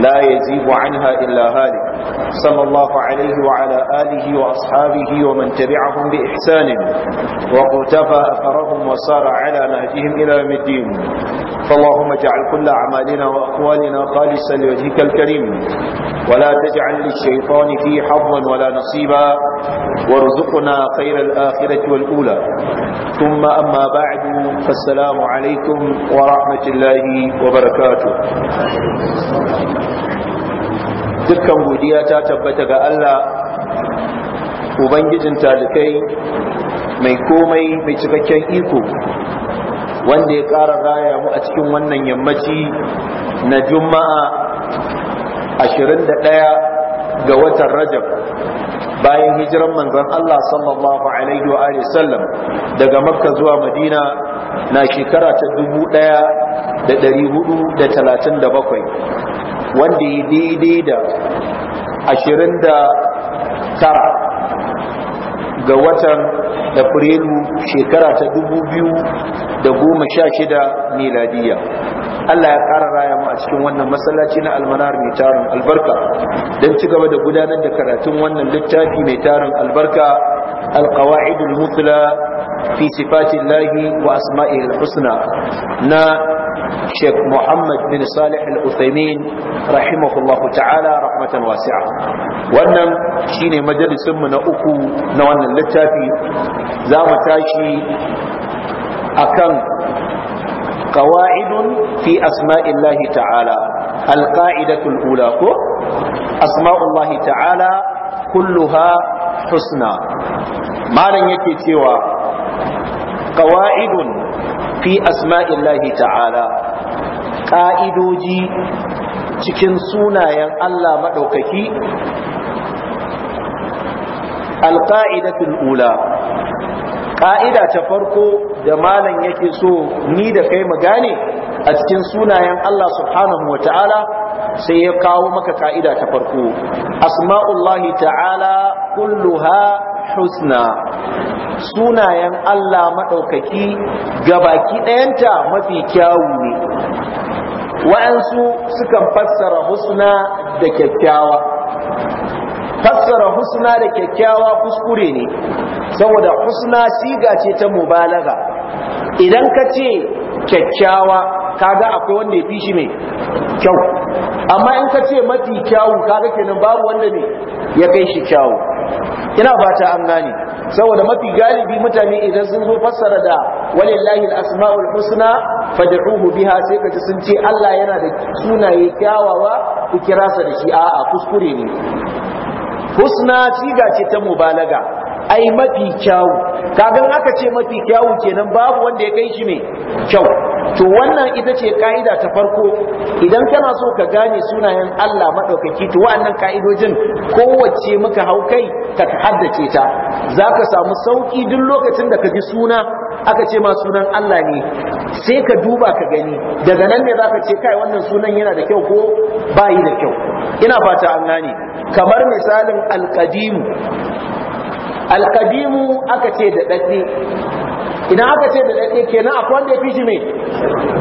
la yazibu anha illa halik صلى الله عليه وعلى آله وأصحابه ومن تبعهم بإحسان وقتفى أثرهم وصار على نهجهم إلى يوم الدين فاللهم اجعل كل أعمالنا وأقوالنا خالصا لوجهك الكريم ولا تجعل للشيطان فيه حظا ولا نصيبا وارزقنا خير الآخرة والأولى ثم أما بعد فالسلام عليكم ورحمة الله وبركاته dukkan godiya ta tabbata ga Allah ubangijin talikai mai komai mai cikakken iko wanda ya ƙara raya mu a cikin wannan yammaci na juma'a 21 ga watan rajab bayan hijiran manzon Allah sallallahu alaihi wa sallam daga makka zuwa madina na shekara ta 1437 wanda ya daidai da ashirin da tara ga watan afrilu shekara ta dubu biyu da goma sha shida miladiya Allah ya ƙara raya mu a cikin wannan masallaci na almanar mai tarin albarka don ci gaba da gudanar da karatun wannan littafi mai tarin albarka alƙawa'idul mutula fi sifatillahi wa Asma'il, husna na Sheikh Muhammad bin Salih Al-Uthaymin rahimahullahu ta'ala rahmatan wasi'a wannan shine majalisin mu na uku na wannan littafi za mu tashi akan qawaidun fi asma'illahi ta'ala al-qa'idatul ula ko asma'ullahi ta'ala kulluha husna malam yake cewa qawaidun fi asma'illahi ta'ala Ka'idoji cikin sunayen Allah maɗaukaki alƙa'idatul ula ƙa'ida ta farko da malam yake so ni da kai mu gane a cikin sunayen Allah subhanahu wa ta'ala sai ya kawo maka ƙa'ida ta farko asma'ullahi ta'ala kulluha husna sunayen Allah maɗaukaki gabaki baki ɗayanta mafi kyawu ne wa'ansu sukan fassara husna da kyakkyawa fassara husna da kyakkyawa kuskure ne saboda husna siga ce ta mubalaga idan ka ce kyakkyawa kaga akwai wanda ya fi shi mai kyau amma in ka ce mafi kyawu kaga kenan babu wanda ne ya kai shi kyawu ina fata an gane saboda mafi galibi mutane idan sun zo fassara da walillahi al-asma'ul husna fad'uhu biha sai kace sun ce Allah yana da sunaye kyawawa ku kira sa da shi a'a kuskure ne husna siga ce ta mubalaga ai mafi kyawu kagan aka ce mafi kyawu kenan babu wanda ya kai shi ne kyau to wannan ita ce ka'ida ta farko idan kana so ka gane sunayen Allah maɗaukaki to wa'annan ka'idojin kowace muka hau kai ka haddace ta zaka samu sauki duk lokacin da ka ji suna aka ce ma sunan Allah ne sai ka duba ka gani daga nan ne zaka ce kai wannan sunan yana da kyau ko bayi da kyau ina fata an gane kamar misalin alqadim alqadim aka ce da dadde idan aka ce da dadde kenan akwai wanda ya fi shi mai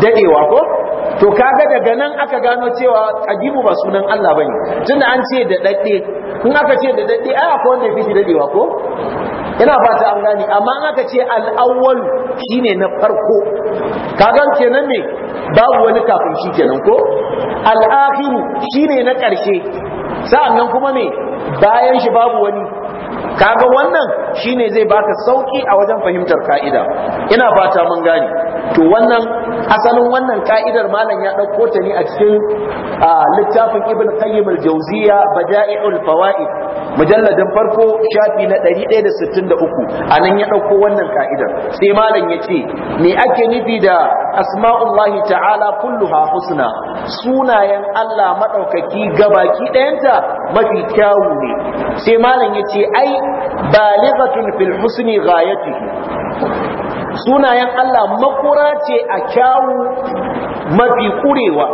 dadewa ko to kaga daga nan aka gano cewa kadimu ba sunan Allah bane tunda an ce da dadde in aka ce da dadde ai akwai wanda ya fi shi dadewa ko ina bata an gani amma aka ce al'awwal shine na farko kagan kenan ne babu wani kafin shi kenan ko al'akhiru shine na ƙarshe sa'annan kuma ne bayan shi babu wani kaga wannan shine zai baka sauki a wajen fahimtar ka'ida ina fata mun gani. to wannan asalin wannan ka'idar malam ya dauko ta ne a cikin littafin ibn qayyim al-jawziya bada'i'ul fawaid mujalladin farko shafi na 163 anan ya dauko wannan ka'idar sai malam yace me ake nufi da asma'ullahi ta'ala kulluha husna sunayen Allah madaukaki gabaki dayanta mafi kyawu ne sai malam yace ai baligh balaghatun fil husni ghayatihi sunayen Allah makura ce a kyawu mafi kurewa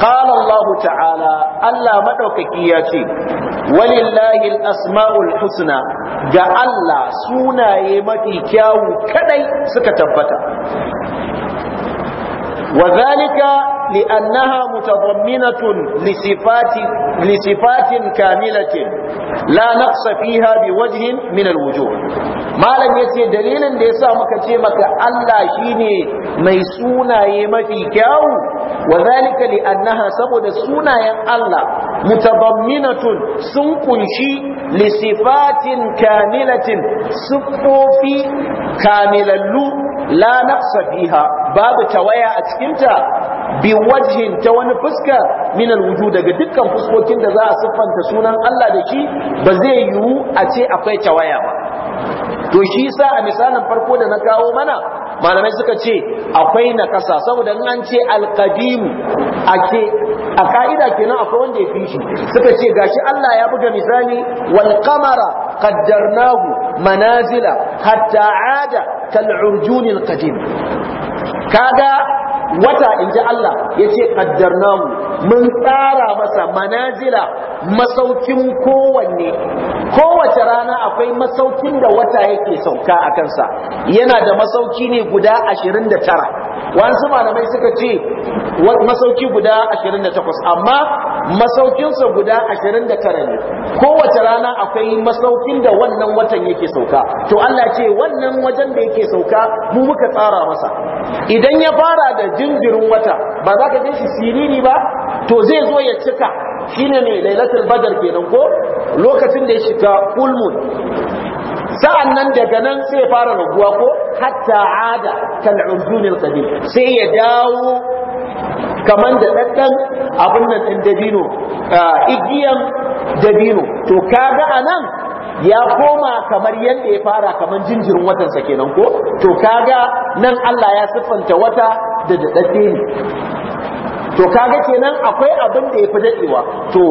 qala ta'ala Allah madaukaki ya ce walillahi al-asma'ul husna ga Allah sunaye mafi kyawu kaɗai suka tabbata wa zalika لأنها متضمنة لصفات, لصفات كاملة لا نقص فيها بوجه من الوجوه ما لن يتي دليل ليسا مكتيمك ألا شيني ميسونا يمفي كاو وذلك لأنها سبب السونا الله متضمنة سنقنشي لصفات كاملة سفوفي كامل اللو لا نقص فيها babu tawaya a cikinta Bin wajhin ta wani fuska min wuju daga dukkan fuskokin da za a siffanta sunan Allah da shi ba zai yiwu a ce akwai tawaya ba to shi sa a misalin farko da na kawo mana malamai suka ce akwai nakasa saboda in an ce alqadim ake a ka'ida kenan akwai wanda ya fi shi suka ce gashi Allah ya buga misali wal qamara qaddarnahu manazila hatta ada kal urjunil qadim kaga wata in ji Allah ya ce ƙaddarnahu mun tsara masa manazila masaukin kowanne kowace rana akwai masaukin da wata yake sauka a kansa yana da masauki ne guda ashirin da tara wasu malamai suka ce masauki guda ashirin da takwas amma masaukinsa guda ashirin da tara ne kowace rana akwai masaukin da wannan watan yake sauka to Allah ce wannan wajen da yake sauka mu muka tsara masa idan ya fara da jinjirin wata ba za ka shi siriri ba to zai zo ya cika shi ne mai lailatul badar kenan ko lokacin da ya shiga ulmun sa'an nan daga nan sai ya fara raguwa ko hatta ada kan urjunil qadim sai ya dawo kaman da daddan abin nan din dabino igiyan dabino to ka kaga anan ya koma kamar yadda ya fara kamar jinjirin watansa kenan ko to kaga nan Allah ya siffanta wata da daɗaɗɗe ne to kaga kenan akwai abin da ya fi daɗewa to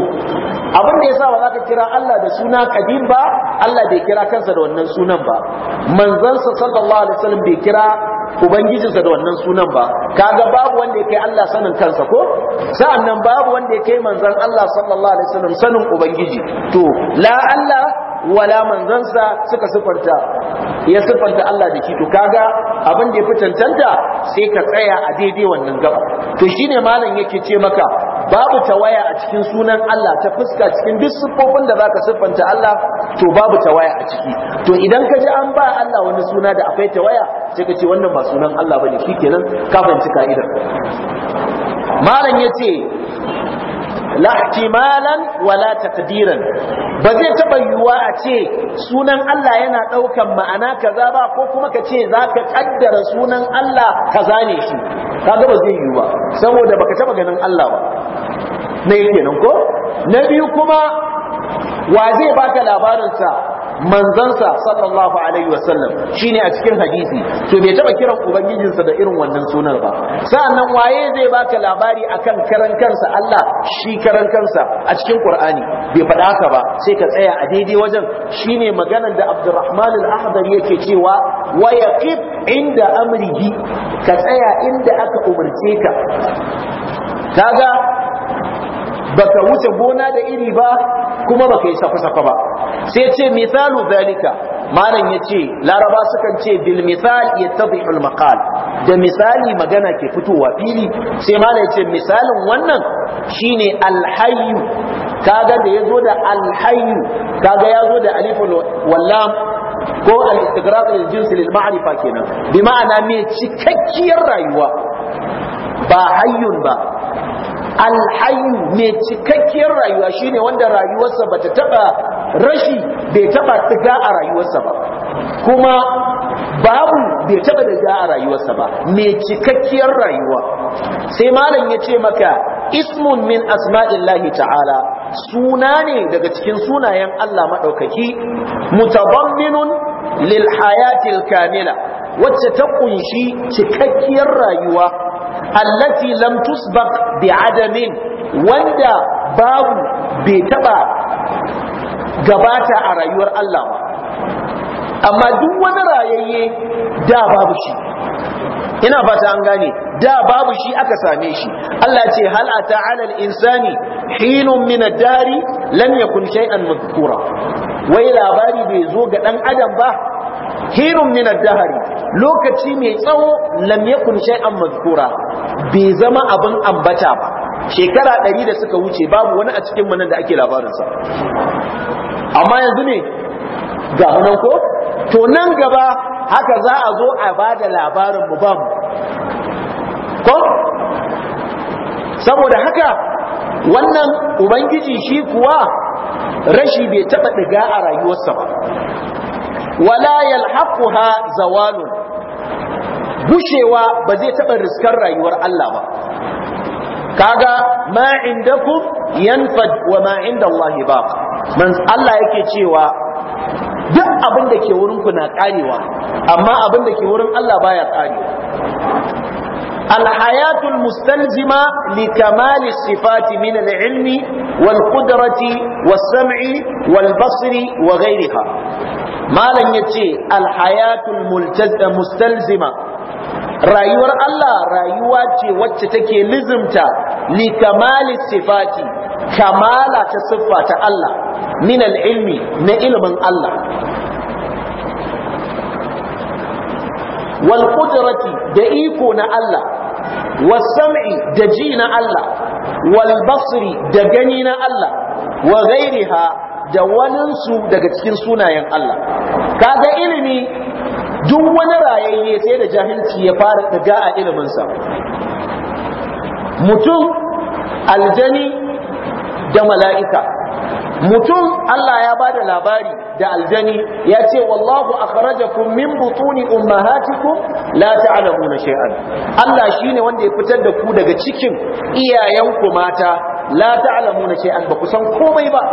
abin da ya sa ba za ka kira Allah da suna kadim ba Allah bai kira kansa da wannan sunan ba manzansa sallallahu alaihi wasallam bai kira ubangijinsa da wannan sunan ba kaga babu wanda ya kai Allah sanin kansa ko sa'annan babu wanda ya kai manzon Allah sallallahu alaihi wasallam sanin ubangiji to la Allah wala manzansa suka sifarta ya sifanta Allah da shi to kaga abin da ya fi cancanta sai ka tsaya a daidai wannan gaba to shine malam yake ce maka babu tawaya a cikin sunan Allah ta fuska cikin duk siffofin da zaka siffanta Allah to babu tawaya a ciki to idan ka ji an ba Allah wani suna da akwai tawaya sai ka ce wannan ba sunan Allah bane shikenan ka fahimci ka'idar malam yace la ihtimalan wala taqdiran ba zai taba yiwuwa a ce sunan Allah yana daukan ma'ana kaza ba ko kuma ka ce zaka kaddara sunan Allah kaza ne shi kaga ba zai yiwu ba saboda baka taba ganin Allah ba na yake nan ko na biyu kuma wa zai baka labarin sa manzansa sallallahu alaihi wasallam shine a cikin hadisi to bai taba kiran ubangijinsa da irin wannan sunan ba sa'annan waye zai baka labari akan karan kansa Allah shi karan kansa a cikin Qur'ani bai faɗa haka ba sai ka tsaya a daidai wajen shine maganar da Abdurrahman al-Ahdari yake cewa wa yaqif inda amrihi ka tsaya inda aka umarce ka kaga baka wuce gona da iri ba kuma baka yi safa-safa ba sai ce misalu zalika malam yace laraba sukan ce bil misal ya al maqal da misali magana ke fitowa fili sai malam yace misalin wannan shine alhayu kaga da yazo da alhayu, kaga kaga yazo da alifun wallam ko al istigraq lil jins lil ma'rifa kenan bi ma'ana me cikakkiyar rayuwa ba hayyun ba alhayu mai cikakkiyar rayuwa shine wanda rayuwarsa bata taba rashi bai taba tsiga a rayuwarsa ba kuma babu bai taba daga a rayuwarsa ba mai cikakkiyar rayuwa sai malam ya ce maka ismun min asma'illahi ta'ala suna ne daga cikin sunayen Allah maɗaukaki mutabamminun lil hayatil kamila wacce ta kunshi cikakkiyar rayuwa allati lam tusbaq bi adamin wanda babu bai taɓa gabata a rayuwar Allah ba amma duk wani rayayye da babu shi ina fata an gane da babu shi aka same shi Allah ce hal ata alal insani hinun min ad-dari lam yakun shay'an madhkura wai labari bai zo ga dan adam ba hinun min dahari lokaci mai tsawo lam yakun shay'an mazkura bai zama abin ambata ba shekara ɗari da suka wuce babu wani a cikin mu da ake labarin sa amma yanzu ne ga nan ko to nan gaba haka za a zo a bada labarin mu bamu, ko saboda haka wannan ubangiji shi kuwa rashi bai taɓa diga a rayuwarsa ba wala yalhaquha zawalu, bushewa ba zai taɓa riskar rayuwar Allah ba kaga ma indakum yanfad wa ma inda baq man Allah yake cewa duk abin da ke wurin ku na karewa amma abin da ke wurin Allah baya karewa الحياة المستلزمة لكمال الصفات من العلم والقدرة والسمع والبصر وغيرها ما لن يتي الحياة المستلزمة rayuwar Allah rayuwa ce wacce take lizimta li kamali sifati kamala ta siffa ta Allah min ilmi na ilimin Allah wal da iko na Allah wasam'i da ji na Allah wal da gani na Allah wa ghairiha da waninsu daga cikin sunayen Allah kaga ilimi duk wani raye ne sai da jahilci ya fara daga a iliminsa mutum aljani da mala'ika mutum Allah ya ba da labari da aljani ya ce wallahu akhrajakum min butuni ummahatikum la ta'lamuna shay'an Allah shine wanda ya fitar da ku daga cikin iyayenku mata la ta'lamuna shay'an ba ku san komai ba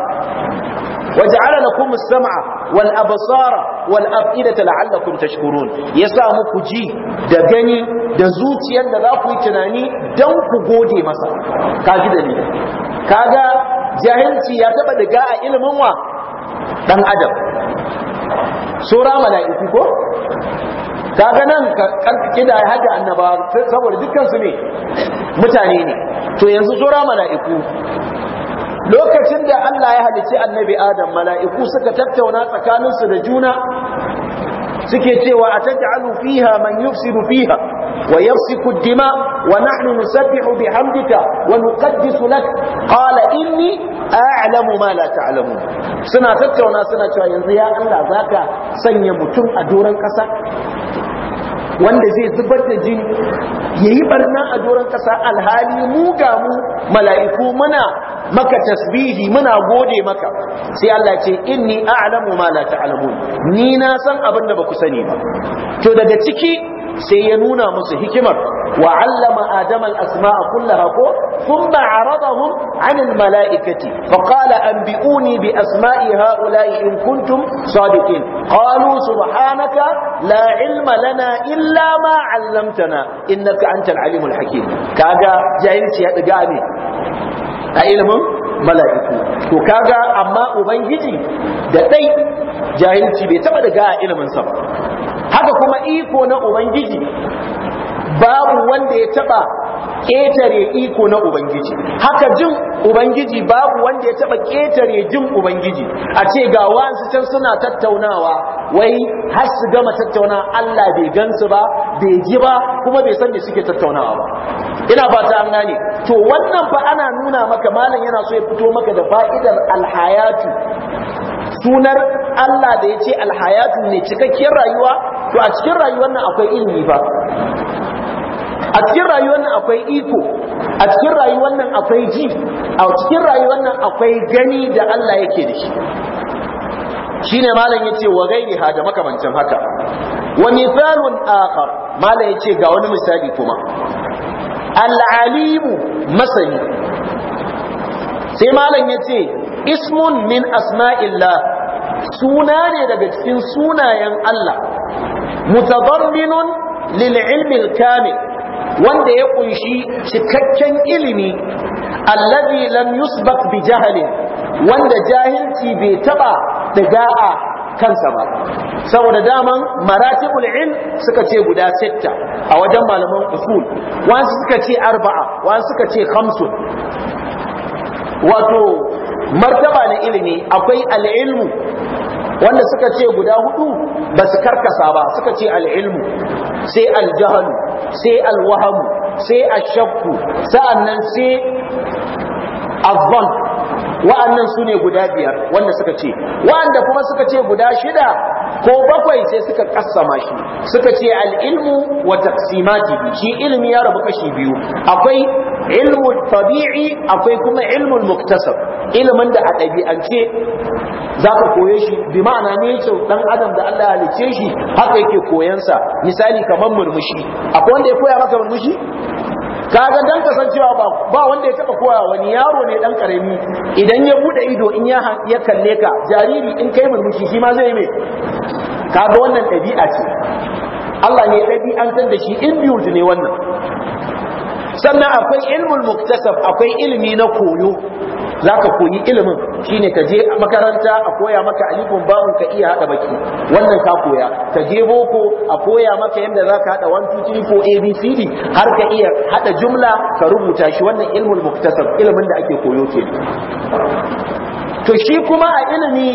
waj'ala lakum as-sam'a wal absara wal af'idata la'allakum tashkurun yasa muku ji da gani da zuciyar da za ku yi tunani dan ku gode masa kaji da ni kaga jahilci ya taba daga a ilimin wa dan adam sura mala'iku ko kaga nan kida hada annaba saboda dukkan su ne mutane ne to yanzu sura mala'iku lokacin da Allah ya halicci annabi adam mala'iku suka tattauna tsakaninsu da juna suke cewa a taj'alu fiha man yufsidu fiha ويفسك الدماء ونحن نسبح بحمدك ونقدس لك قال إني أعلم ما لا تعلمون سنة تتونا سنة تتونا يا الله ذاك سنيمتم أدورا كسا wanda zai zubar da jini ya yi barna a doron ƙasa alhali mu ga mu mala'iku muna maka tasbihi muna gode maka sai Allah ce inni a'lamu ma la ta'lamun ni na san abin da ba ku sani ba to daga ciki sai ya nuna musu hikimar wa allama adama al-asma'a kullaha ko thumma aradahum 'an al-mala'ikati fa qala anbi'uni bi asma'i ha'ula'i in kuntum sadiqin qalu subhanaka la 'ilma lana illa ma 'allamtana innaka antal 'alimul hakim kaga jahilci ya diga ne a ilimin mala'iku to kaga amma ubangiji da dai jahilci bai taba daga a ilimin sa ba haka kuma iko na ubangiji babu wanda ya taba ƙetare iko na ubangiji haka jin ubangiji babu wanda ya taba ƙetare jin ubangiji a ce ga wasu can suna tattaunawa wai har su gama tattauna Allah bai gansu ba bai ji ba kuma bai san me suke tattaunawa ba ina ba ta gane to wannan fa ana nuna maka malam yana so ya fito maka da fa'idar alhayatu sunar Allah da ya ce alhayatu ne cikakkiyar rayuwa to a cikin rayuwar nan akwai ilimi ba a cikin rayuwar nan akwai iko a cikin rayuwar nan akwai ji a cikin rayuwar nan akwai gani da Allah yake da shi shine malam yace wa gairiha da makamancin haka wa mithalun akhar malam yace ga wani misali kuma al-alimu masani sai malam yace ismun min asma'illah suna ne daga cikin sunayen Allah mutadamminun lil ilmi kamil wanda ya kunshi cikakken ilimi allazi lam yusbaq bi jahlin wanda jahilci bai taba daga a kansa ba saboda daman maratibul ilm suka ce guda sitta a wajen malaman usul wani suka ce arba'a wani suka ce khamsun wato martaba na ilimi akwai al'ilmu wanda suka ce guda hudu ba su karkasa ba suka ce al'ilmu sai aljahalu sai alwahamu sai ashakku sa'annan sai azzan wa'annan su ne guda biyar wanda suka ce wa'anda kuma suka ce guda shida ko bakwai sai suka kassama shi suka ce al'ilmu wa taksimati, shi ilmi ya rabu kashi biyu akwai Ilmu tabi'i akwai kuma ilmun muktasab ilmin da a ɗabi'ance za ka koye shi bi ma'ana ne yake dan adam da Allah ya halice shi haka yake koyansa misali kamar murmushi akwai wanda ya koya maka murmushi kaga dan kasancewa ba ba wanda ya taba koya wani yaro ne dan karami idan ya bude ido in ya ya kalle ka jariri in kai murmushi shi ma zai yi me kaga wannan ɗabi'a ce Allah ne ɗabi'antar da shi in biyu ne wannan sannan akwai ilmul muktasab akwai ilimi na koyo za ka koyi ilimin shine ka je makaranta a koya maka alifin babun ka iya haɗa baki wannan ka koya ka je boko a koya maka yadda za ka haɗa 1 2 3 4 abcd har ka iya haɗa jumla ka rubuta shi wannan ilmul muktasab ilimin da ake koyo ke to shi kuma a ilimi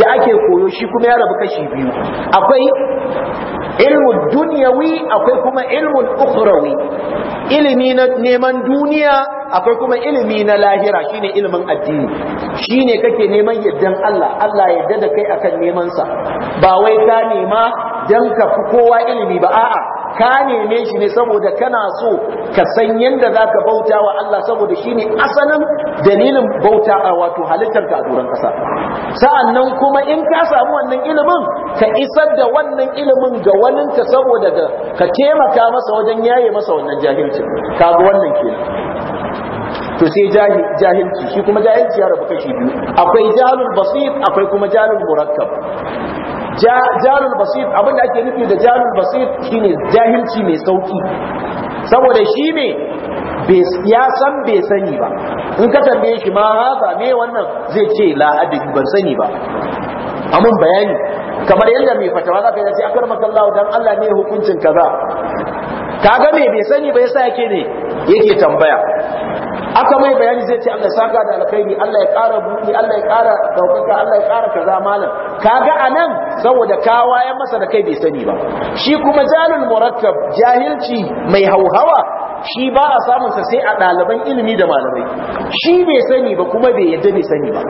da ake koyo shi kuma ya rabu kashi biyu akwai ilmu duniyawi akwai kuma ilmu ukhrawi ilimi na neman duniya akwai kuma ilimi na lahira shine ilimin addini shine kake neman yaddan Allah Allah yadda da kai akan neman sa ba wai ka nema dan ka fi kowa ilimi ba a'a ka neme shi ne saboda kana so ka san yadda za ka bauta wa Allah saboda shi ne asalin dalilin bauta a wato halittarka a turan ƙasa sa'annan kuma in ka samu wannan ilimin ka isar da wannan ilimin ga waninka saboda ka taimaka masa wajen yaye masa wannan jahilci kaga wannan kenan to sai jahilci shi kuma jahilci ya rabu kashi biyu akwai jahlul basit akwai kuma jahlul murakkab jalul basir abin da ake nufi da jalul basir shine jahilci mai sauki saboda shi ne ya san bai sani ba in ka tambaye shi ma haza me wannan zai ce la ban sani ba Amin bayani kamar yadda mai fatawa zaka yi ce akar Allah dan Allah ne hukuncin kaza kaga me bai sani ba yasa yake ne yake tambaya aka mai bayani zai ce Allah saka da alkhairi Allah ya kara buɗi Allah ya kara daukaka Allah ya kara kaza malam kaga anan saboda kawa ya masa da kai bai sani ba shi kuma jalul murakkab jahilci mai hauhawa shi ba a samun sa sai a ɗaliban ilimi da malamai shi bai sani ba kuma bai yadda bai sani ba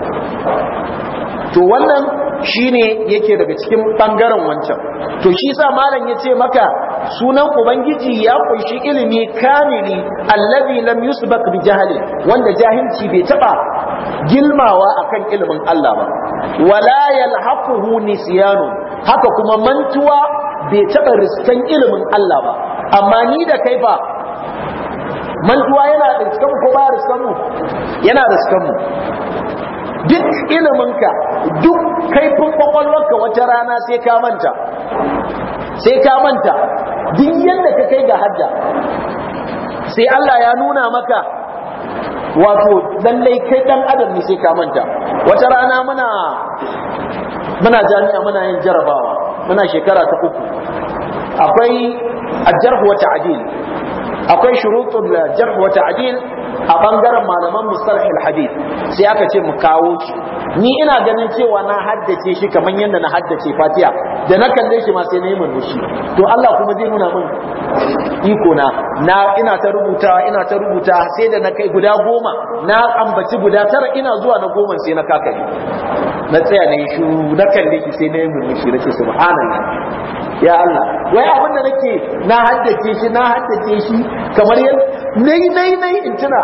to wannan shine yake daga cikin bangaren wancan to shi sa malam ya ce maka sunan ubangiji ya kunshi ilimi kamili allazi lam yusbaq bi jahli wanda jahilci bai taba gilmawa akan ilimin Allah ba wala yalhaquhu nisyanu haka kuma mantuwa bai taba riskan ilimin Allah ba amma ni da kai fa mantuwa yana riskan ko ba riskan mu yana riskan mu duk iliminka duk kaifin kwakwalwarka wata rana sai ka manta sai ka manta duk yadda ka kai ga hajja sai Allah ya nuna maka wato lallai kai dan adam ne sai ka manta wata rana muna muna jami'a muna yin jarabawa muna shekara ta uku akwai ajarhu wa ta'dil akwai shurutul jarh wa ta'dil a bangaren malaman mustalhil hadith sai aka ce mu kawo shi ni ina ganin cewa na haddace shi kamar yadda na haddace Fatiya. da na kalle shi ma sai na yi murmushi to Allah kuma zai nuna min iko na na ina ta rubuta ina ta rubuta sai da na kai guda goma na ambaci guda tara ina zuwa na goma sai na kakari na tsaya na yi shuru na kalle shi sai na yi murmushi na ce subhanallah ya Allah wai abin da nake na haddace shi na haddace shi kamar yadda nai nai nai in tuna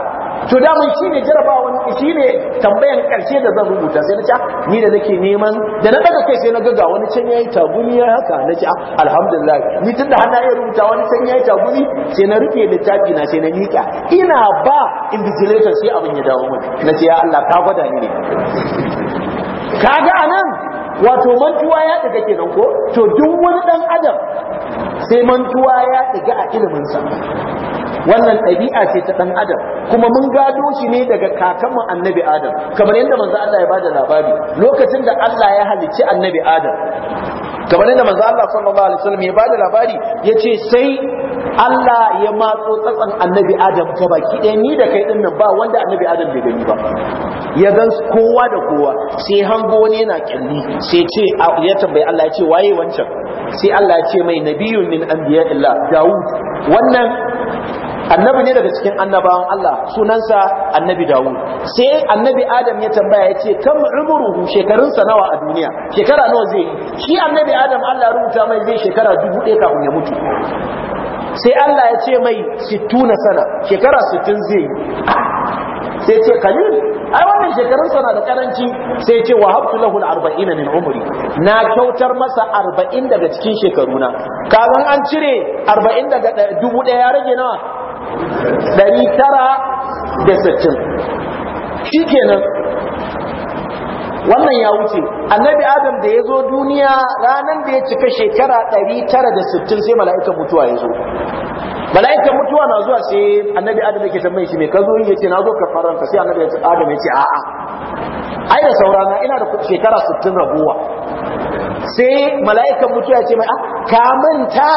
to da mun shine shi shine tambayan karshe da zan rubuta sai na ce ah, ni da nake neman da na daga kai sai na ga wani can yayi taguni ya haka na ce ah, alhamdulillah ni tunda da na iya rubuta wani can yayi taguni sai na da littafi na sai na mika ina ba invigilator sai abin ya dawo mun na ce ya Allah ka gwada ni ne kaga anan wato mantuwa ya daga kenan ko to duk wani dan adam sai mantuwa ya daga a ilimin sa wannan ɗabi'a ce ta ɗan adam kuma mun gado shi ne daga kakanmu annabi adam kamar yadda manzo Allah ya bada labari lokacin da Allah ya halicci annabi adam kamar yadda manzo Allah sallallahu alaihi wasallam ya bada labari yace sai Allah ya matso tsatsan annabi Adam ta baki ɗaya ni da kai ɗin ba wanda annabi Adam bai gani ba ya gan kowa da kowa sai hango wani yana kyalli sai ce ya tambayi Allah ya ce waye wancan sai Allah ya ce mai nabiyun min anbiya'illah Dawud wannan annabi ne daga cikin annabawan Allah sunansa annabi Dawud sai annabi Adam ya tambaya ya ce kam umruhu shekarunsa nawa a duniya shekara nawa zai yi shi annabi Adam Allah rubuta mai zai shekara dubu ɗaya kafin ya mutu sai Allah ya ce mai 60 sana shekara sittin zai sai ce kalil ai wannan shekarun sana da karanci sai ce wa habtu lahu al-arba'ina min umri na kyautar masa arba'in daga cikin shekaruna kaman an cire arba'in daga ɗaya ya rage nawa shi shikenan wannan ya wuce annabi adam da ya zo duniya ranar da ya cika shekara 960 sai mala'ikan mutuwa ya zo mala'ikan mutuwa na zuwa sai annabi adam yake tambaye shi me ka zo yace na zo ka faranta sai annabi adam yace a'a ai da saurana ina da shekara 60 raguwa sai mala'ikan mutuwa ya ce mai ah, ka manta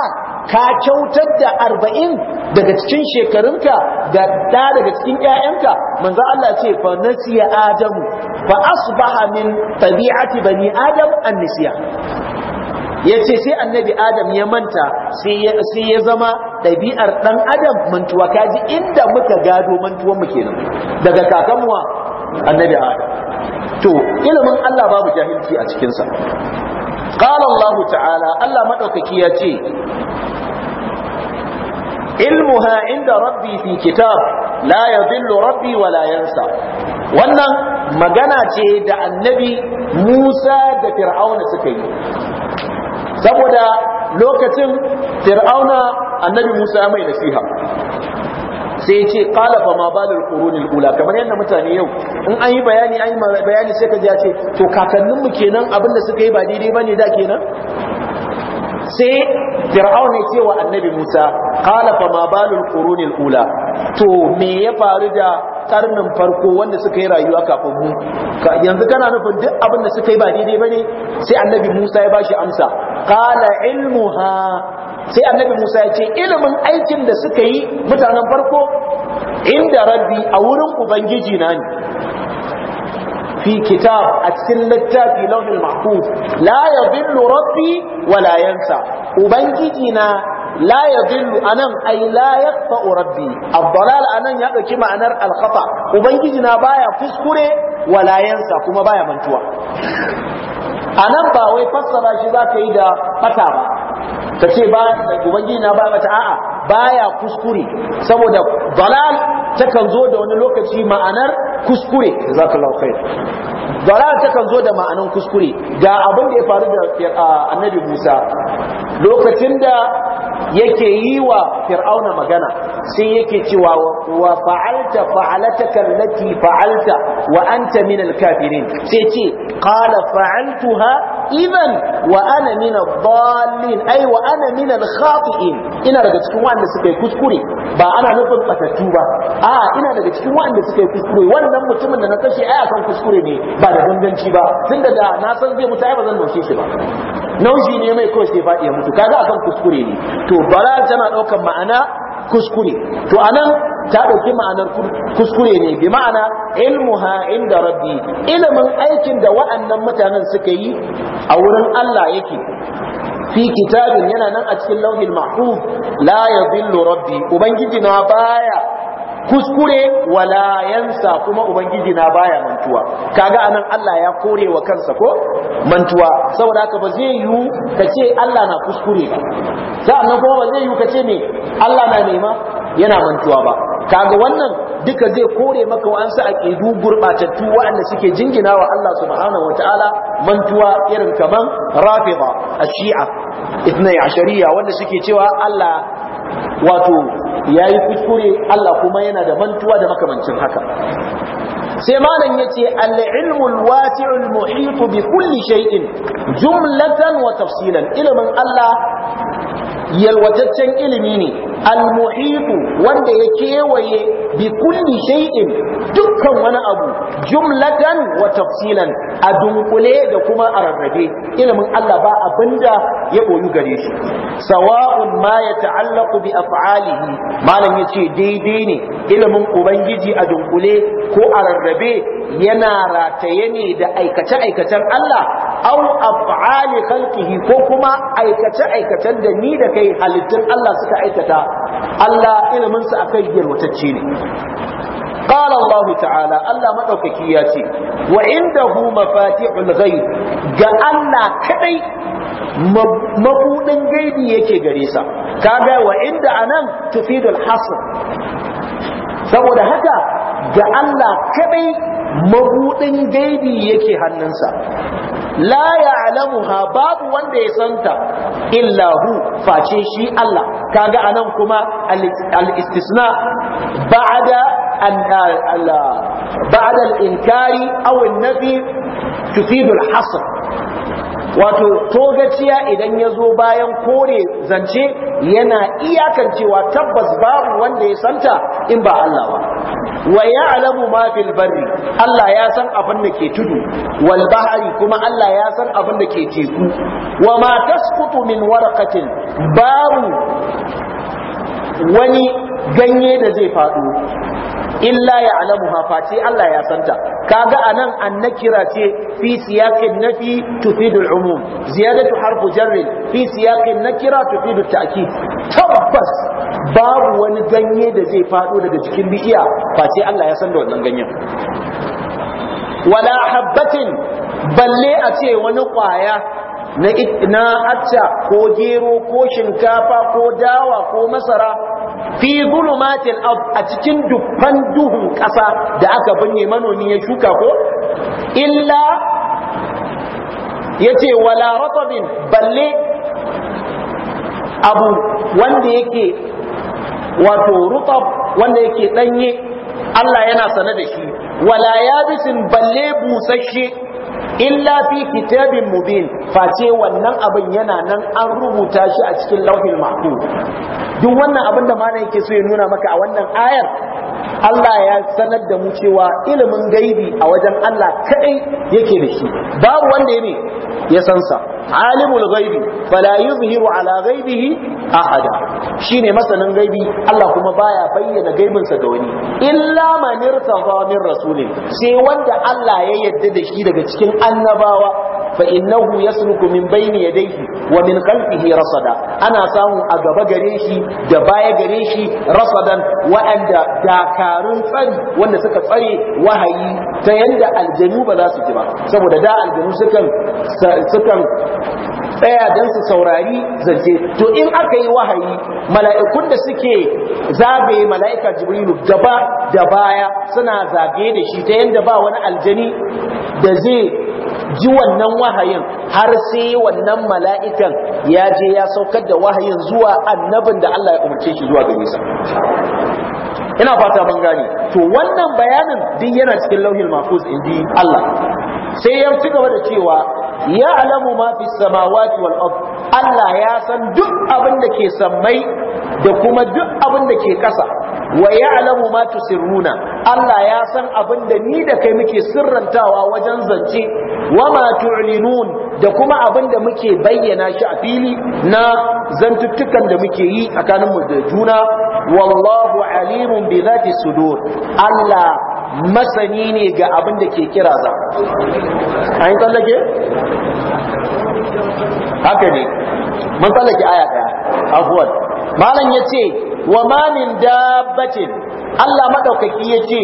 ka kyautar da arba'in daga cikin shekarunka da ɗa daga cikin ‘ya'yanka manzo Allah ce fa nasiya adamu fa asbaha min tabi'ati bani adam annisiya yace sai annabi adam ya manta sai ya zama ɗabi'ar ɗan adam mantuwa kaji inda muka gado mantuwan kenan daga kakanmuwa annabi adam to ilimin Allah babu jahilci a cikinsa qala Allahu ta'ala Allah madaukaki ya ce ilmuha inda rabbi fi kitab la ya rabbi wa la yansa wannan magana ce da annabi Musa da Fir'auna suka yi saboda lokacin Fir'auna annabi Musa mai nasiha sai ce qala fa ma balul qurunil ula kamar yadda mutane yau in an yi bayani an yi bayani sai ka ji ce to kakannin mu kenan abin da suka yi ba daidai bane da kenan sai fir'aun ya ce wa annabi Musa qala fa ma balul qurunil ula to me ya faru da karnin farko wanda suka yi rayuwa kafin mu yanzu kana nufin duk abin da suka yi ba daidai bane sai annabi Musa ya bashi amsa qala ilmuha sai annabi Musa ya ce ilimin aikin da suka yi mutanen farko inda rabbi a wurin ubangiji na ne fi kitab a cikin littafi launin mahfuz la yadhillu rabbi wa la yansa ubangiji na la yadillu anan ay la yaqfa rabbi ad anan ya ɗauki ma'anar al-khata ubangiji na baya kuskure wala kuma baya mantuwa anan ba wai fassara shi zaka yi da fata ba kace ba ubangiji na baya mata a'a baya kuskure saboda dalal takan zo da wani lokaci ma'anar kuskure jazakallahu takan zo da ma'anar kuskure da abin da ya faru da annabi Musa lokacin da yake yi wa fir'auna magana sai yake cewa wa fa'alta fa'alataka allati fa'alta wa anta min al-kafirin sai ce qala fa'altuha idan wa ana min ad ai wa ana min khatiin ina daga cikin wanda suka yi kuskure ba ana nufin batattu ba a ina daga cikin wanda suka yi kuskure wannan mutumin da na kashe ai akan kuskure ne ba da ganganci ba tunda da na san zai mutu ai ba zan naushe shi ba naushi ne mai kawai sai faɗi ya mutu kaga akan kuskure ne to bara tana ɗaukar ma'ana kuskure to anan ta dauki ma'anar kuskure ne bi ma'ana ilmuha inda rabbi ilimin aikin da wa'annan mutanen suka yi a wurin Allah yake fi kitabin yana nan a cikin lauhin mahfuz la yadhillu rabbi ubangiji na baya kuskure wala yansa kuma ubangiji na baya mantuwa kaga anan Allah ya kore wa kansa ko mantuwa saboda haka ba zai yiwu ka Allah na kuskure ba sa'annan kuma ba zai yiwu kace ce me Allah na nema yana mantuwa ba kaga wannan duka zai kore maka wa'ansu aqidu gurbatattu wa'anda suke jingina wa Allah subhanahu wataala mantuwa irin kaman rafida a shia 12 wanda suke cewa Allah wato ya yi kuskure Allah kuma yana da mantuwa da makamancin haka sai malam ya ce al'ilmul wati'ul muhitu bi kulli shay'in jumlatan wa tafsilan ilimin Allah yalwataccen ilimi ne al wanda ya kewaye bi kulli shay'in dukkan wani abu jumlatan wa tafsilan a dunkule da kuma a rarrabe ilimin Allah ba da ya boyu gare shi sawa'un ma ya ta'allaqu bi af'alihi malam yace daidai ne ilimin ubangiji a dunkule ko a rarrabe yana rataye ne da aikace aikacen Allah aw af'ali khalqihi ko kuma aikace aikacen da ni da kai halittun Allah suka aikata Allah iliminsa akan yalwatacce ne قال الله تعالى الله مدوكي ياتي وعنده مفاتيح الغيب ga Allah kadai mabudin gaibi yake gare sa kaga wa inda anan tufidul hasr saboda haka ga Allah kadai mabudin gaibi yake hannunsa la ya'lamuha babu wanda ya santa illa hu face shi Allah kaga anan kuma al-istisna ba'da ba'da al-inkari aw an-nafi tufidu al-hasr wato togaciya idan yazo bayan kore zance yana iyakancewa tabbas babu wanda ya santa in ba Allah ba wa ya ma fil barri Allah ya san abin da ke tudu wal bahri kuma Allah ya san abin da ke teku wa ma tasqutu min warqatin babu wani ganye da zai faɗo illa alamu face Allah ya santa kaga anan an kira ce fi siyakin nafi tufidu umum ziyadatu harfu jar fi siyakin nakira tufidu at-ta'kid tabbas babu wani ganye da zai fado daga cikin bishiya face Allah ya san da wannan ganyen wala habbatin balle a ce wani kwaya na acca ko gero ko shinkafa ko dawa ko masara fi zulumatil a cikin dukkan duhun ƙasa da aka binne manomi ya shuka ko illa yace wala ratabin balle abu wanda yake wato rutab wanda yake danye Allah yana sane da shi wala yabisin balle busasshe illa fi kitabin mubin face wannan abin yana nan an rubuta shi a cikin lauhin mahfuz duk wannan abin da malam yake so ya nuna maka a wannan ayar Allah ya sanar da mu cewa ilimin gaibi a wajen Allah kadai yake da shi babu wanda ya ne ya san alimul ghaibi fala yuzhiru ala ghaibihi ahada shine masanin gaibi Allah kuma baya bayyana gaibinsa sa ga wani In man irtafa min rasulin sai wanda Allah ya yadda da shi daga cikin annabawa fa innahu yasluku min bayni yadayhi wa min khalfihi rasada ana samu a gaba gare shi da baya gare shi rasadan wa'anda dakarun tsari wanda suka tsare wahayi ta yanda aljanu ba za su ji ba saboda da aljanu sukan sukan tsaya don su saurari zance to in aka yi wahayi mala'ikun da suke zabe mala'ika jibrilu gaba da baya suna zabe da shi ta yadda ba wani aljani da zai ji wannan wahayin har sai wannan mala'ikan ya je ya saukar da wahayin zuwa annabin da Allah ya umarce shi zuwa ga nisa ina fata ban gane to wannan bayanin din yana cikin lauhin mahfuz in Allah sai ya ci gaba da cewa ya alamu ma fi samawati wal ard Allah ya san duk abin da ke sammai da kuma duk abin da ke ƙasa wa ya alamu ma tusirruna Allah ya san abin da ni da kai muke sirrantawa wajen zance wa ma tu'linun da kuma abin da muke bayyana shi a fili na zantuttukan da muke yi tsakanin mu da juna wallahu alimun bi zati sudur Allah masani ne ga abin da ke kira za haka ne mun aya daya afwan malam yace wa ma min dabbatin Allah madaukaki yace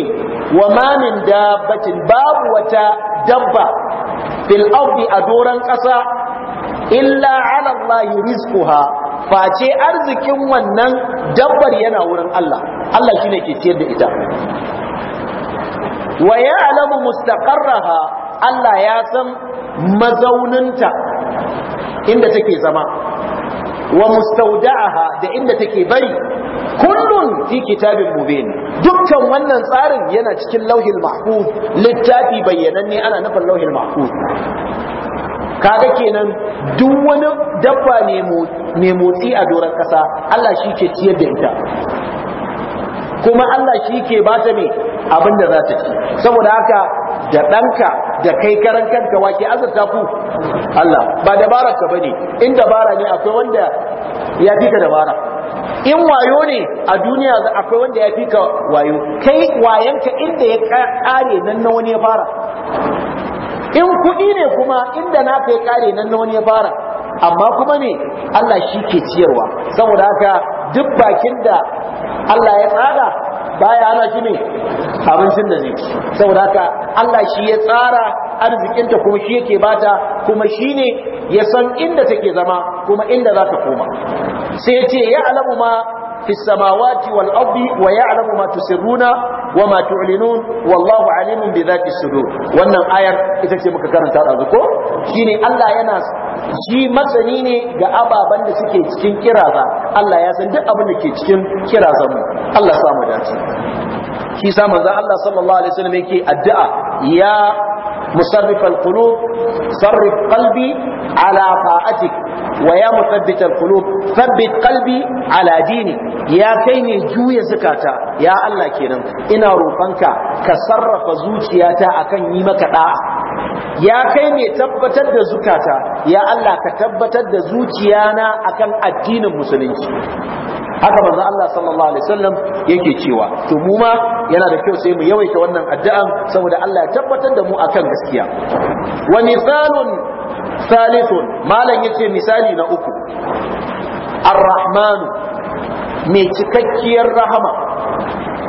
wa ma min dabbatin babu wata dabba fil ardi a doran kasa illa ala Allah rizquha face arzikin wannan dabbar yana wurin Allah Allah shine ke ciyar da ita wa ya'lamu mustaqarraha Allah ya san mazauninta inda take zama wa mustawda'aha da inda take bari kullun fi kitabin mubin dukkan wannan tsarin yana cikin lauhil mahfuz littafi bayyananne ana nufin lauhil mahfuz kaga kenan duk wani dabba ne mu mai motsi a doron ƙasa Allah shi ke ciyar da ita kuma Allah shi ke ba ta mai abin da za ta ci saboda haka da ɗanka da kai karan kanka wake azurta ku Allah ba dabara ka bane in dabara ne akwai wanda ya fi ka dabara in wayo ne a duniya akwai wanda ya fi ka wayo kai wayanka inda ya kare nan na wani ya fara in kuɗi ne kuma inda na kai kare nan na wani ya fara amma kuma ne Allah shi ke ciyarwa saboda haka duk bakin da Allah ya tsada baya ana shi ne abincin da zai ci saboda haka Allah shi ya tsara arzikinta kuma shi yake bata kuma shi ne ya san inda take zama kuma inda za ta koma sai ya ce ya alamu ma في السماوات والأرض ويعلم ما تسرون وما تعلنون والله عليم بذات الصدور wannan ayar ita ce muka karanta da ko shine Allah yana shi matsani ne ga ababen da suke cikin kiraza Allah ya san duk abin da ke cikin za mu Allah samu dace shi sa manzo Allah sallallahu alaihi wasallam yake addu'a ya مصرف القلوب صرف قلبي على طاعتك ويا مثبت القلوب ثبت قلبي على دينك يا كيني جوية زكاتا يا الله كينا إنا روحانك كصرف زوجياتا أكن يمك داعا ya kai mai tabbatar da zukata ya Allah ka tabbatar da zuciyana akan addinin musulunci haka manzo Allah sallallahu alaihi wasallam yake cewa to mu ma yana da kyau sai mu yawaita wannan addu'an saboda Allah ya tabbatar da mu akan gaskiya wa misalun salithun malam yace misali na uku ar mai cikakkiyar rahama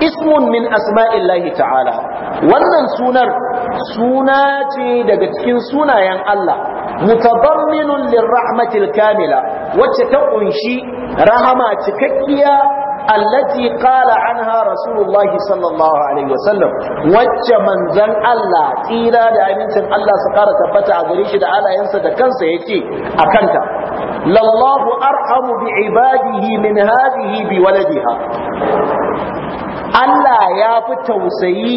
ismun min asma'illahi ta'ala wannan sunar suna ce daga cikin sunayen Allah mutadamminun lirrahmatil kamila wacce ta kunshi rahama cikakkiya allati qala anha rasulullah sallallahu alaihi wasallam wacce manzon Allah tsira da amincin Allah su kara tabbata a gare shi da alayensa da kansa ya yace akanta lallahu arhamu bi ibadihi min hadhihi bi waladiha Allah ya fi tausayi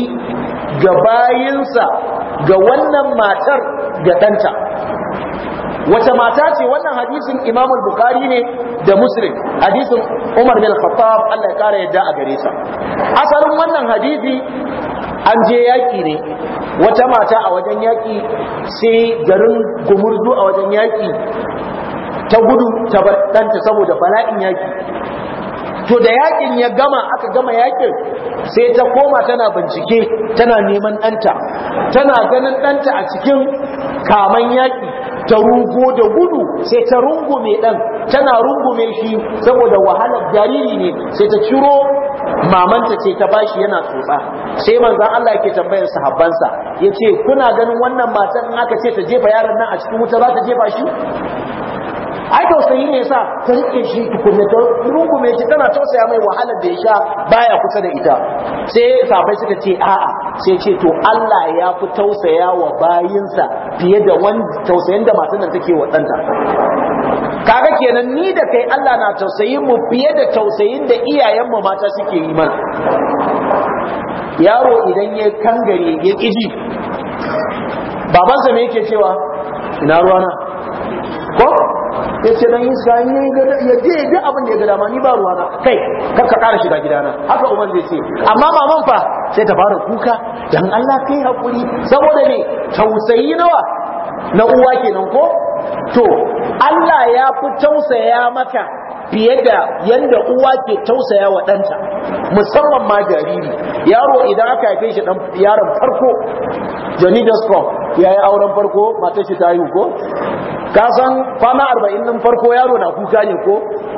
ga bayinsa ga wannan matar ga ɗanta Wata mata ce wannan hadisin Imam Bukhari ne da Muslim hadisin Umar bin Khattab Allah ya kara yadda a gare sa asalin wannan hadisi an je yaki ne wata mata a wajen yaki sai garin gumurzu a wajen yaki ta gudu ta bar ɗanta saboda bala'in yaki to da yakin ya gama aka gama yakin sai ta koma tana bincike tana neman ɗanta tana ganin ɗanta a cikin kaman yaki ta rugo da gudu sai ta rungume ɗan tana rungume shi saboda wahalar jariri ne sai ta ciro mamanta ce ta bashi yana tsotsa sai manzon Allah yake tambayar sahabbansa yace kuna ganin wannan matan in aka ce ta jefa yaron nan a cikin wuta za ta jefa shi ai tausayi ne yasa ta rike shi tukunne ta me shi tana tausaya mai wahala da ya sha baya kusa da ita sai safai suka ce a'a sai ce to Allah ya fi tausaya wa bayinsa fiye da wani tausayin da matan nan take wa ɗanta kaga kenan ni da kai Allah na tausayin mu fiye da tausayin da iyayen mu mata suke yi mana yaro idan ya kangare ya kiji babansa me yake cewa ina ruwana ko ya ce dan iska in ya je ya abin da ya ga dama ni ba ruwa ba. kai kar ka kara shiga gidana haka umar zai ce amma ba maman fa sai ta fara kuka dan Allah kai hakuri saboda ne tausayi nawa na uwa kenan ko to Allah ya fi tausaya maka fiye da yadda uwa ke tausaya wa ɗanta musamman ma jariri yaro idan aka haife shi yaron farko Johnny Descom ya yi auren farko matar shi ta yi ko ka san kwana arba'in nan farko yaro na kuka ne ko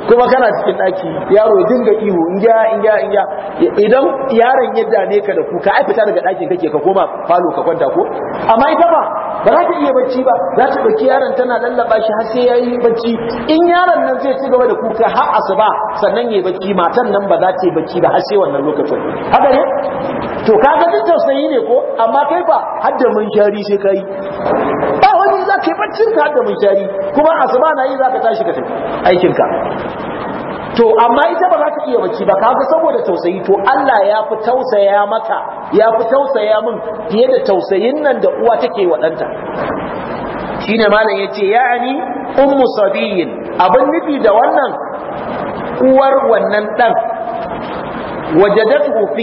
kuma kana cikin ɗaki yaro dinga ihu ingiya in ingiya idan yaron yadda ne ka da kuka ai fita daga ɗakin kake ka koma falo ka kwanta ko amma ita ba ba za ta iya bacci ba za ta ɗauki yaron tana lallaba shi har sai ya yi bacci in yaron nan zai ci gaba da kuka har asuba sannan ya yi bacci matan nan ba za ta yi bacci ba har sai wannan lokacin haka ne to kaga duk tausayi ne ko amma kai ba har da mun shari sai kai ba yi za ka yi baccinka ka da munshari kuma asuba na yi za ka tashi ka tafi aikinka to amma ita ba za ta iya bacci ba kaga saboda tausayi to Allah ya fi tausaya maka ya fi tausaya min fiye da tausayin nan da uwa take wa danta shine malam yace ya'ani ummu sabiyin abin nufi da wannan uwar wannan dan wajadatu fi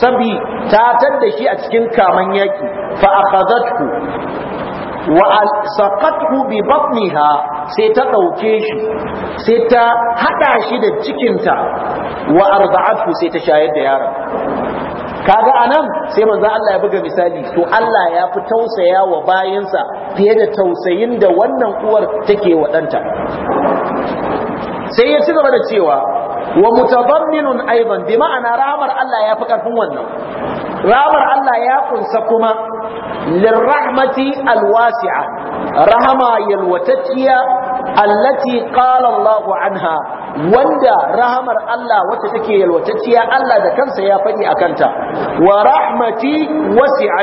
sabi ta tadda shi a cikin kaman yaki fa akhadhathu wa saqathu bi batniha sai ta dauke shi sai ta hada shi da cikinta wa arda'athu sai ta shayar da yaron kaga anan sai manzo Allah ya buga misali to Allah ya fi tausaya wa bayinsa fiye da tausayin da wannan uwar take wa danta sai ya ci gaba da cewa wa mutadamminun aidan bi ma'ana ramar Allah ya fi karfin wannan ramar Allah ya kunsa kuma lirrahmati alwasi'a rahama yalwatacciya allati qala Allahu anha wanda rahamar Allah wacce take yalwatacciya Allah da kansa ya faɗi a kanta wa rahmati wasi'a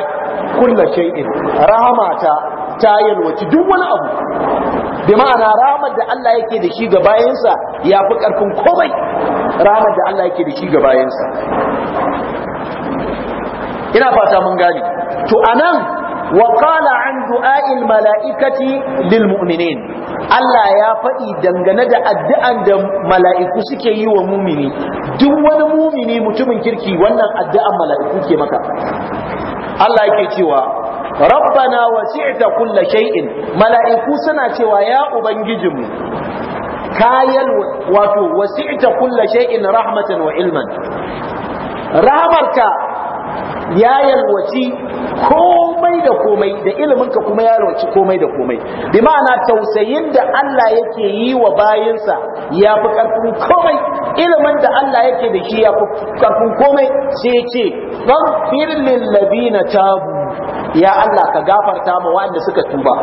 kullace shay'in rahamata ta yalwaci duk wani abu bi ma'ana da Allah yake da ga bayansa ya fi ƙarfin komai rahamar da Allah yake da shi ga bayansa ina fata mun gane to anan wa qala an du'a'il mala'ikati lil mu'minin Allah ya faɗi dangane da addu'an da mala'iku suke yi wa mumini duk wani mumini mutumin kirki wannan addu'an mala'iku ke maka Allah yake cewa rabbana wasi'ta kulla shay'in mala'iku suna cewa ya ubangijinmu kayal wato wasi'ta kulla shay'in rahmatan wa ilman rahmarka ya yalwaci komai da komai da iliminka kuma ya yalwaci komai da komai bi ma'ana tausayin da Allah yake yi wa bayinsa ya fi karfin komai ilimin da Allah yake da shi ya fi karfin komai sai ya ce faghfir lil na tabu ya Allah ka gafarta ma waɗanda suka tuba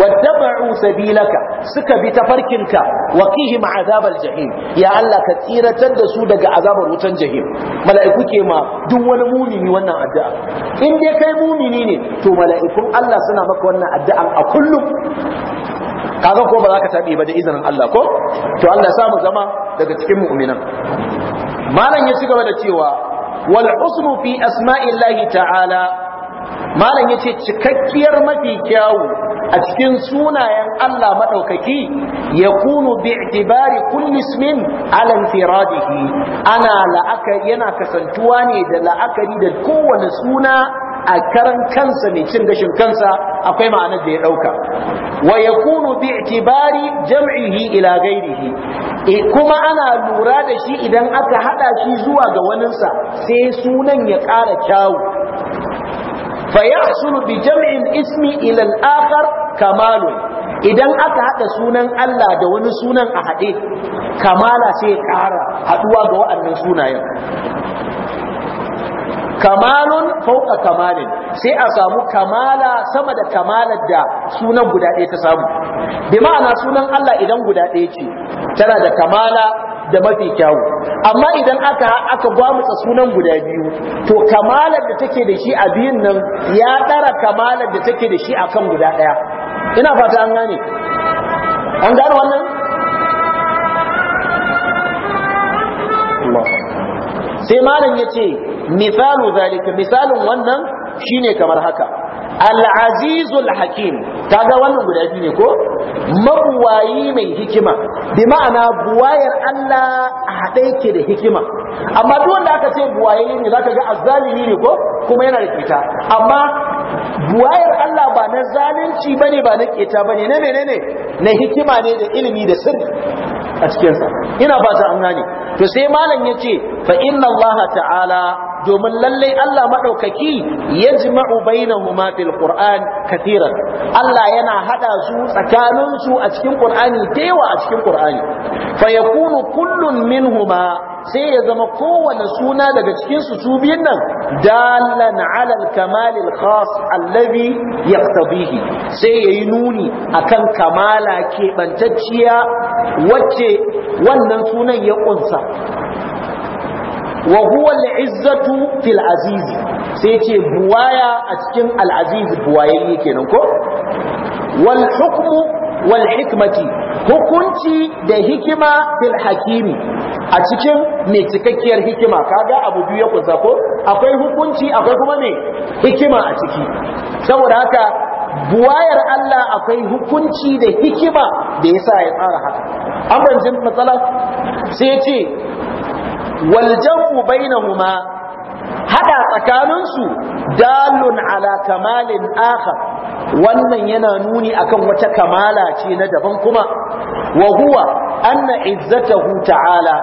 wattaba'u sabilaka suka bi tafarkinka wa qihim azabal jahim ya Allah ka tsiratar da daga azabar wutan jahim mala'iku ke ma duk wani mumini wannan addu'a in kai mumini ne to mala'ikun Allah suna maka wannan addu'an a kullum kaga ko ba za ka taɓe ba da izinin Allah ko to Allah ya samu zama daga cikin mu'minan malam ya ci gaba da cewa wal husnu fi asma'illahi ta'ala malam ya ce cikakkiyar mafi kyawu a cikin sunayen Allah madaukaki yakunu bi'tibari kulli ismin ala infiradihi ana la'akari yana kasantuwa ne da la'akari da kowane suna a karan kansa mai cin gashin kansa akwai ma'anar da ya ɗauka. wa yakunu bi itibari jam'ihi ila ghairihi e kuma ana lura da shi idan aka hada shi zuwa ga waninsa sai sunan ya ƙara kyawu fayahsulu bi jam'in ismi ila al-akhar kamalun idan aka haɗa sunan Allah da wani sunan a hade kamala sai ƙara haduwa ga wa'annan sunayen kamalun fauka kamalin sai a samu kamala sama da kamalar da sunan guda ɗaya ta samu bi ma'ana sunan Allah idan guda ɗaya ce tana da kamala da mafi kyawu amma idan aka aka gwamutsa sunan guda biyu to kamalar da take da shi a biyun nan ya ɗara kamalar da take da shi kan guda ɗaya ina fata an gane an gane wannan sai malam ya ce misalu zalika misalin wannan shine kamar haka al-azizul hakim kaga wannan guda biyu ne ko mabuwayi mai hikima bi ma'ana buwayar Allah a haɗe yake da hikima amma duk wanda aka ce buwaye ne zaka ga azzalimi ne ko kuma yana da kita amma buwayar Allah ba na zalunci bane ba na kita bane ne menene na hikima ne da ilimi da sirri a cikinsa ina ba ta an gane to sai malam yace fa inna Allah ta'ala domin lallai Allah maɗaukaki ya jima'u bainahuma fil Qur'an kathiran Allah yana hada su tsakanin su a cikin Qur'ani yawa a cikin Qur'ani fa yakunu kullun minhuma sai ya zama kowane suna daga cikin su su biyun nan dalan ala al-kamal al-khas alladhi yaqtadihi sai yayi nuni akan kamala ke bantacciya wacce wannan sunan ya kunsa wa huwa al-izzatu fil aziz sai ce buwaya a cikin al-aziz buwayayye kenan ko wal hukmu wal hikmati hukunci da hikima fil hakimi a cikin mai cikakkiyar hikima kaga abu biyu ya kusa ko akwai hukunci akwai kuma me hikima a ciki saboda haka buwayar Allah akwai hukunci da hikima da yasa ya tsara haka an jin matsala sai ce wal bainahuma haɗa tsakaninsu dalun ala kamalin akhar wannan yana nuni akan wata kamala ce na daban kuma wa huwa anna izzatahu ta'ala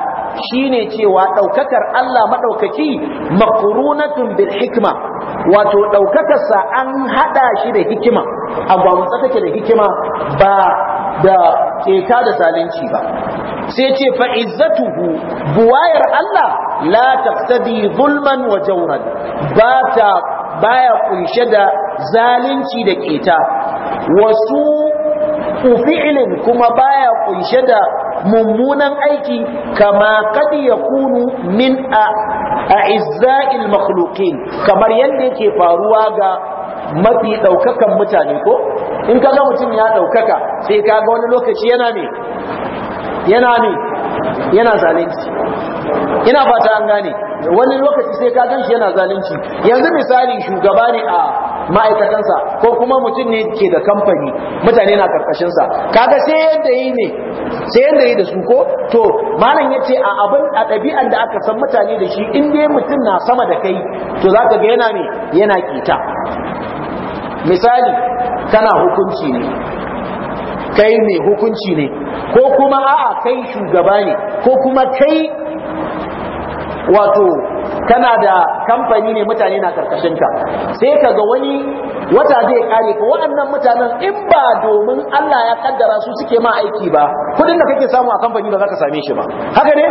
shine cewa daukakar Allah madaukaki maqrunatun bil hikma wato sa an hada shi da hikima a gwamnati take da hikima ba da keka da zalunci ba sai ce fa izzatuhu buwayar Allah la taqtadi zulman wa jawran ba ta baya kunshe da zalunci da keta wasu fi'lin kuma baya kunshe da mummunan aiki kama kad yakunu min a izza'il makhluqin kamar yadda yake faruwa ga mafi ɗaukakan mutane ko in ka ga mutum ya ɗaukaka sai ka ga wani lokaci yana ne yana ne yana zalunci ina fata an gane wani lokaci sai ka ganshi yana zalunci yanzu misali shugaba ne a ma'aikatansa ko kuma mutum ne ke da kamfani mutane na karkashinsa kaga sai yadda yi ne sai yadda yi da su ko to malam ya ce a abin a ɗabi'an da aka san mutane da shi in dai mutum na sama da kai to za ka ga yana ne yana kita misali kana hukunci ne kai mai hukunci ne ko kuma a'a kai shugaba ne ko kuma kai wato kana da kamfani ne mutane na karkashin ka sai ka ga wani wata zai kare ka waɗannan mutanen in ba domin Allah ya kaddara su suke ma aiki ba kudin da kake samu a kamfani ba za ka same shi ba haka ne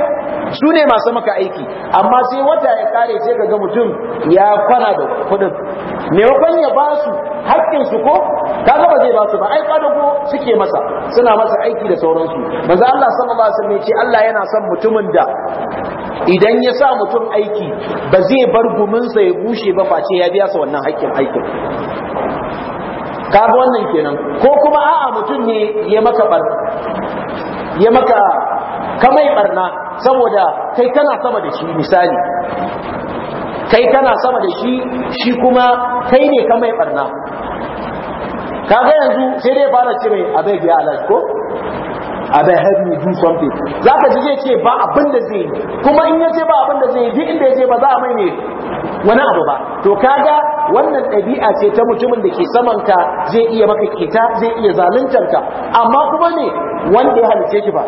su ne masu maka aiki amma sai wata ya kare sai ka ga mutum ya kwana da kuɗin maimakon ya ba su hakkin su ko kaga ba zai ba su ba ai ko suke masa suna masa aiki da sauransu maza Allah sallallahu alaihi wasallam ya Allah yana son mutumin da idan ya sa mutum aiki ba zai bar guminsa ya bushe ba face ya biya sa wannan haƙƙin aikin kaga wannan kenan ko kuma a'a mutum ne ya maka bar ya maka kamai barna saboda kai kana sama da shi misali kai kana sama da shi shi kuma kai ne ka mai barna ga yanzu sai dai fara ce mai abeg ya alal ko abai help me do something zaka ji zai ce ba abin da zai yi kuma in yace ba abin da zai yi duk inda yace ba za a mai ne wani abu ba to kaga wannan ɗabi'a ce ta mutumin da ke samanka zai iya maka kita zai iya zaluntar ka amma kuma ne wanda ya halice ki ba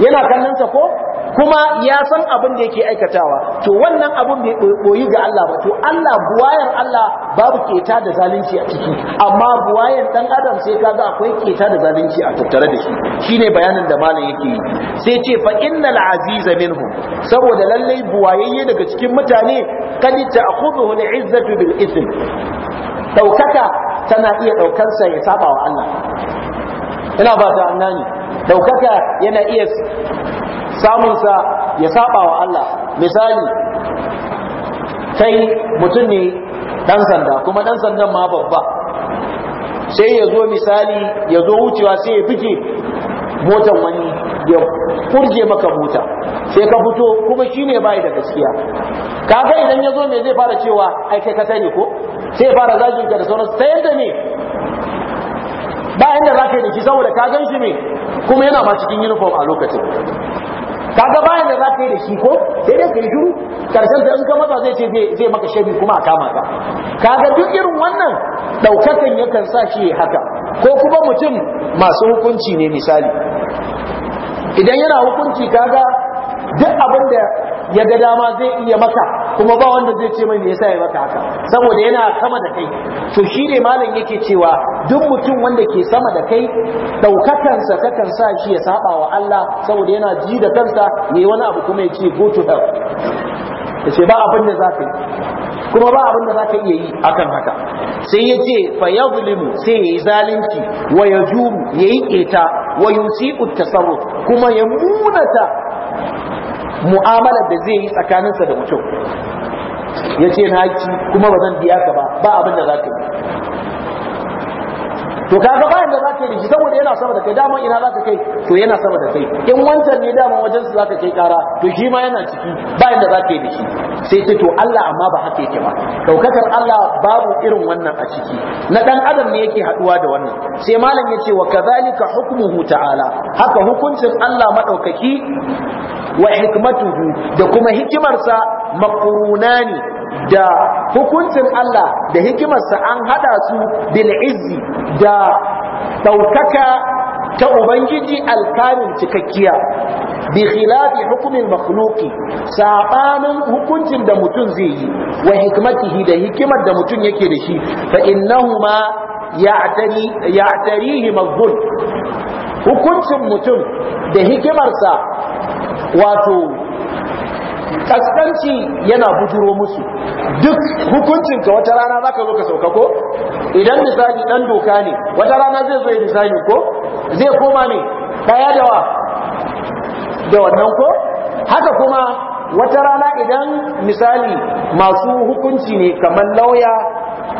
yana kallon sa ko kuma ya san abin da yake aikatawa to wannan abin bai boyi ga Allah ba to Allah buwayan Allah babu keta da zalunci a ciki amma buwayan dan adam sai kaga akwai keta da zalunci a tattare da shi shine bayanin da malam yake yi sai ce fa innal aziza minhum saboda lallai buwayayye daga cikin mutane kadi ta'khudhu al-izzatu bil ism daukaka tana iya sa ya saba wa Allah ina ba ta annani Daukaka yana iya samun sa ya saba wa Allah misali sai mutum ne ɗan sanda kuma ɗan sandan ma babba sai ya zo misali ya zo wucewa sai ya fike motan wani ya furje maka mota sai ka fito kuma shi ne bai da gaskiya kaga idan ya zo me zai fara cewa ai kai ka sani ko sai fara zagin ka da sauransu ta yadda ne ba inda za ka yi da shi saboda ka gan shi ne kuma yana ma cikin uniform a lokacin kaga ba inda za ka yi da shi ko sai dai ka yi karshen ta in ka masa zai ce zai maka shebi kuma a kama ka kaga duk irin wannan daukakan yakan sa shi haka ko kuma mutum masu hukunci ne misali idan yana hukunci kaga duk abin da ya ga dama zai iya maka kuma ba wanda zai ce mai me yasa ya maka haka saboda yana sama da kai to shi ne malam yake cewa duk mutum wanda ke sama da kai daukakansa kakan sa shi ya saba wa Allah saboda yana ji da kansa ne wani abu kuma ya ce go to hell yace ba abin da zaka yi kuma ba abin da za ka iya yi akan haka sai ya ce fa sai ya yi zalunci wa yayi juru ya yi keta wa yusiku tasarruf kuma ya munata mu'amalar da zai yi tsakaninsa da mutum ya ce na haƙi kuma ba zan biya ka ba ba abin da za ka yi to kaga bayan da zaka yi saboda yana sama da kai daman ina za ka kai to yana sama da kai in wancan ne daman wajen su zaka kai kara to shi ma yana ciki bayan da zaka yi da shi sai ta to Allah amma ba haka yake ba daukakar Allah babu irin wannan a ciki na dan adam ne yake haduwa da wannan sai malam yace wa kadhalika hukmuhu ta'ala haka hukuncin Allah madaukaki wa hikmatuhu da kuma hikimarsa ne. da hukuncin Allah da hikimarsa an hada su bil izzi da daukaka ta ubangiji alkalin cikakkiya bi khilafi hukumin makhluqi sabanin hukuncin da mutum zai yi wa hikmatihi da hikimar da mutum yake da shi fa innahuma ya'tari ya'tarihi mazbun hukuncin mutum da hikimarsa wato kaskanci yana bujuro musu duk hukuncin ka wata rana zaka zo ka sauka ko idan misali dan doka ne wata rana zai zo ya misali ko zai koma ne daya da wa da wannan ko haka kuma wata rana idan misali masu hukunci ne kamar lauya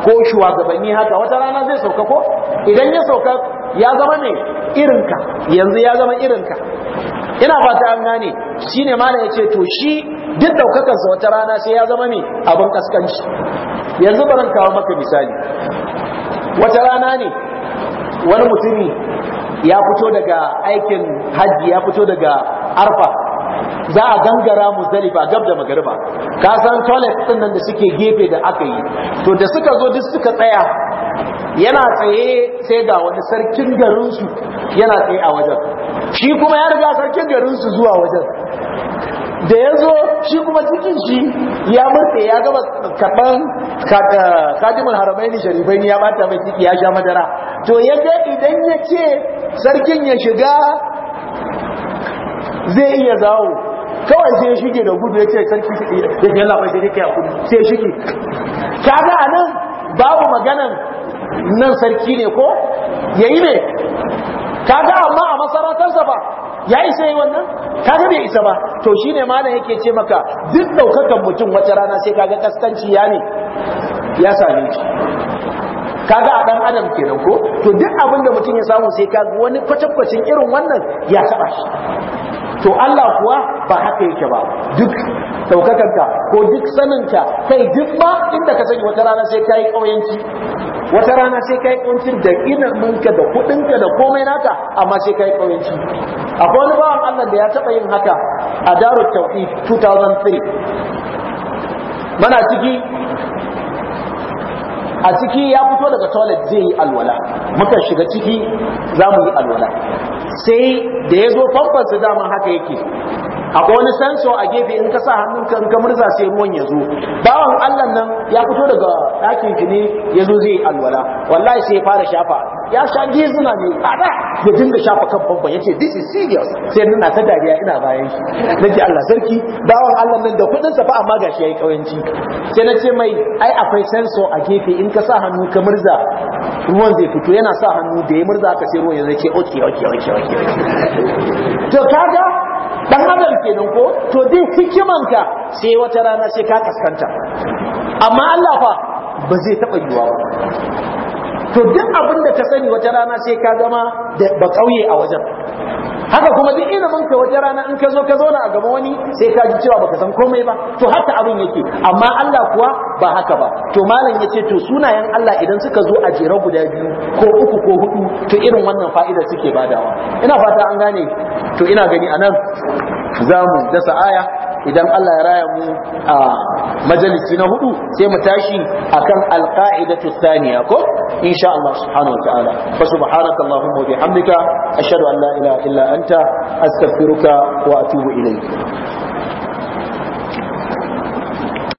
ko shugabanni haka wata rana zai sauka ko idan ya sauka ya zama ne irinka yanzu ya zama irinka ina fata an gane shine malam yace to shi duk daukakarsa wata rana sai ya zama ne abin kaskanci yanzu baran kawo maka misali wata rana ne wani mutumi ya fito daga aikin hajji ya fito daga arfa za a gangara muzdalifa gab da magariba ka san toilet din nan da suke gefe da aka yi to da suka zo duk suka tsaya yana tsaye sai ga wani sarkin garinsu yana tsaye a wajen shi kuma ya riga sarkin garinsu zuwa wajen da ya zo shi kuma cikin shi ya murɗe ya gaba karɓan kajimun eh, haramai ne sharifai ne ya bata mai ciki ya sha madara to ga idan ya ce sarkin ya shiga zai iya zawo kawai sai ya shige da gudu ya ce sarki ya ke labai sai ya kudu sai ya shige kaga a nan babu maganan nan sarki ne ko ya yi ne kaga amma a masarautarsa ba ya isa yi wannan ga bai isa ba to shi ne malam yake ce maka duk daukakan mutum wata rana sai kaga kaskanci ya ne ya same shi kaga a ɗan adam kenan ko to duk abin da mutum ya samu sai kaga wani kwatankwacin irin wannan ya taɓa shi to Allah kuwa ba haka yake ba duk saukakanka ko duk saninka kai duk ba inda ka sani wata rana sai kai kauyanci wata rana sai kai kauyanci da iliminka da kudinka da komai naka amma sai kai kauyanci akwai wani bawan Allah da ya taɓa yin haka a Darut Tauhid 2003 mana ciki a ciki ya fito daga toilet zai yi alwala muka shiga ciki za mu yi alwala sai da ya zo famfansa dama haka yake akwai wani sensor a gefe in ka sa hannun ka in ka murza sai ruwan ya zo bawan Allah nan ya fito daga ɗakin ki ne ya zo zai yi alwala wallahi sai ya fara shafa ya sha gizuna a da. ya dinga shafa kan ya yace this is serious sai nuna ta dariya ina bayan shi nake Allah sarki bawan Allah nan da kudin sa fa amma gashi yayi kawanci sai na ce mai ai akwai sensor a gefe in ka sa hannu ka murza ruwan zai fito yana sa hannu da ya murza ka sai ruwan ya zai ce okay okay okay okay to kaga dan adam kenan ko to dai ka sai wata rana sai ka kaskanta amma Allah fa ba zai taba yiwa ba to duk abin da ka sani wata rana sai ka zama da ba kauye a wajen haka kuma duk mun ka wata rana in ka zo ka zauna a gaba wani sai ka ji cewa baka san komai ba to haka abin yake amma Allah kuwa ba haka ba to malam yace to sunayen Allah idan suka zo a jere guda biyu ko uku ko hudu to irin wannan fa'ida suke badawa ina fata an gane to ina gani anan zamu mu dasa aya idan Allah ya raya mu a majalisi na hudu sai mu tashi akan alqa'idatu thaniya ko insha Allah subhanahu wa ta'ala fa subhanaka allahumma wa bihamdika ashhadu an la ilaha illa anta astaghfiruka wa atubu ilayk